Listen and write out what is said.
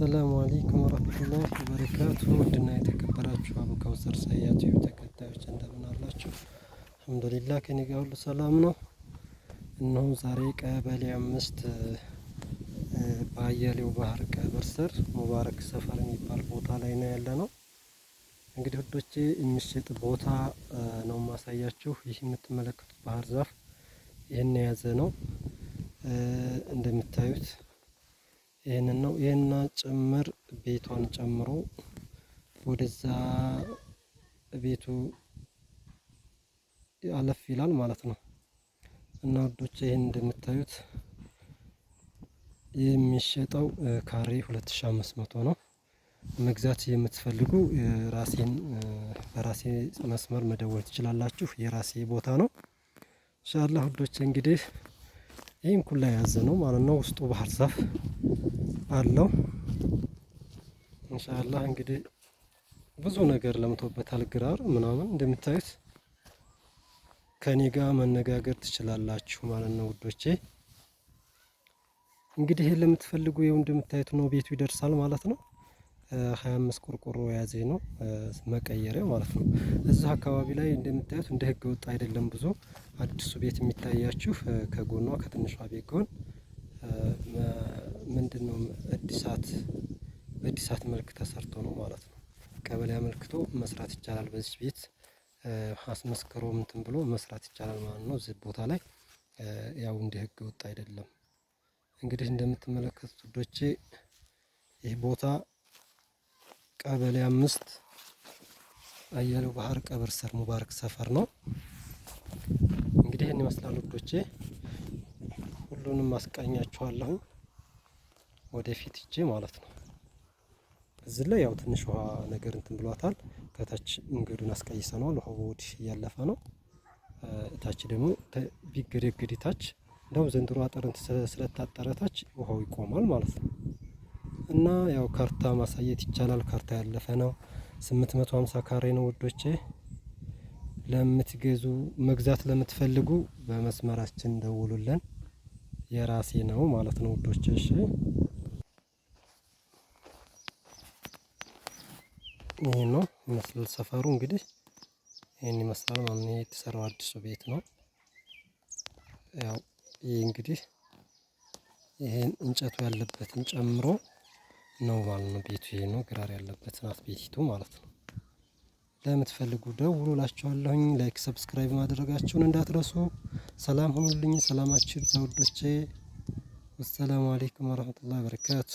አሰላሙ አለይኩም ወረህመቱላሂ ወበረካቱ። ውድና የተከበራችሁ አቡካውሰር ሳያት ተከታዮች እንደምን አላችሁ? አልሐምዱሊላህ ከኔ ጋር ሁሉ ሰላም ነው። እነሆ ዛሬ ቀበሌ አምስት በአያሌው ባህር ቀብር ስር ሙባረክ ሰፈር የሚባል ቦታ ላይ ነው ያለ ነው። እንግዲህ ውዶቼ የሚሸጥ ቦታ ነው ማሳያችሁ። ይህ የምትመለከቱት ባህር ዛፍ ይህን የያዘ ነው እንደምታዩት ይህንን ነው ይህና ጭምር ቤቷን ጨምሮ ወደዛ ቤቱ አለፍ ይላል ማለት ነው። እና ወዶች ይህን እንደምታዩት የሚሸጠው ካሬ 2500 ነው። መግዛት የምትፈልጉ ራሴን በራሴ መስመር መደወል ትችላላችሁ። የራሴ ቦታ ነው። ኢንሻአላህ ሁዶች እንግዲህ ይህም ኩላ የያዘ ነው ማለት ነው። ውስጡ ባህር ዛፍ አለው። ኢንሻአላህ እንግዲህ ብዙ ነገር ለምቶበታል። ግራር ምናምን እንደምታዩት ከኔ ጋር መነጋገር ትችላላችሁ ማለት ነው ውዶቼ። እንግዲህ ይሄን ለምትፈልጉ ይኸው እንደምታዩት ነው ቤቱ ይደርሳል ማለት ነው። ሀያ አምስት ቆርቆሮ የያዘ ነው መቀየሪያ ማለት ነው። እዚህ አካባቢ ላይ እንደምታዩት እንደ ህገ ወጥ አይደለም ብዙ አዲሱ ቤት የሚታያችሁ ከጎኗ ከትንሿ ቤት ጎን ምንድን ነው እድሳት በእድሳት መልክ ተሰርቶ ነው ማለት ነው። ቀበሌ አመልክቶ መስራት ይቻላል። በዚህ ቤት አስመስክሮ ምንትን ብሎ መስራት ይቻላል ማለት ነው። እዚህ ቦታ ላይ ያው እንደ ህገ ወጥ አይደለም። እንግዲህ እንደምትመለከቱት ዶቼ ይህ ቦታ ቀበሌ አምስት አያሌው ባህር ቀብር ስር ሙባረክ ሰፈር ነው። ይህን ይመስላል ውዶቼ። ሁሉንም አስቃኛችኋለሁ ወደፊት እጄ ማለት ነው። እዚህ ላይ ያው ትንሽ ውሃ ነገር እንትን ብሏታል። ከታች መንገዱን ነው ውሃ ወዲህ እያለፈ ነው። እታች ደግሞ ቢገደግድ ታች እንደውም ዘንድሮ አጠርን ስለታጠረ ታች ውሃው ይቆማል ማለት ነው። እና ያው ካርታ ማሳየት ይቻላል። ካርታ ያለፈ ነው። 850 ካሬ ነው ውዶቼ። ለምትገዙ መግዛት ለምትፈልጉ በመስመራችን ደውሉልን። የራሴ ነው ማለት ነው ውዶች። እሺ ይህ ነው ይመስላል ሰፈሩ እንግዲህ ይህን ይመስላል ማለት የተሰራው አዲሱ ቤት ነው። ያው ይህ እንግዲህ ይህን እንጨቱ ያለበትን ጨምሮ ነው ማለት ነው ቤቱ። ይሄ ነው ግራር ያለበት ናት ቤቲቱ ማለት ነው። ለምትፈልጉ ላችኋለሁኝ። ላይክ፣ ሰብስክራይብ ማድረጋችሁን እንዳትረሱ። ሰላም ሁኑልኝ። ሰላማችሁ ይብዛ ወሰላሙ አሌይኩም ወረህመቱላሂ ወበረካቱ።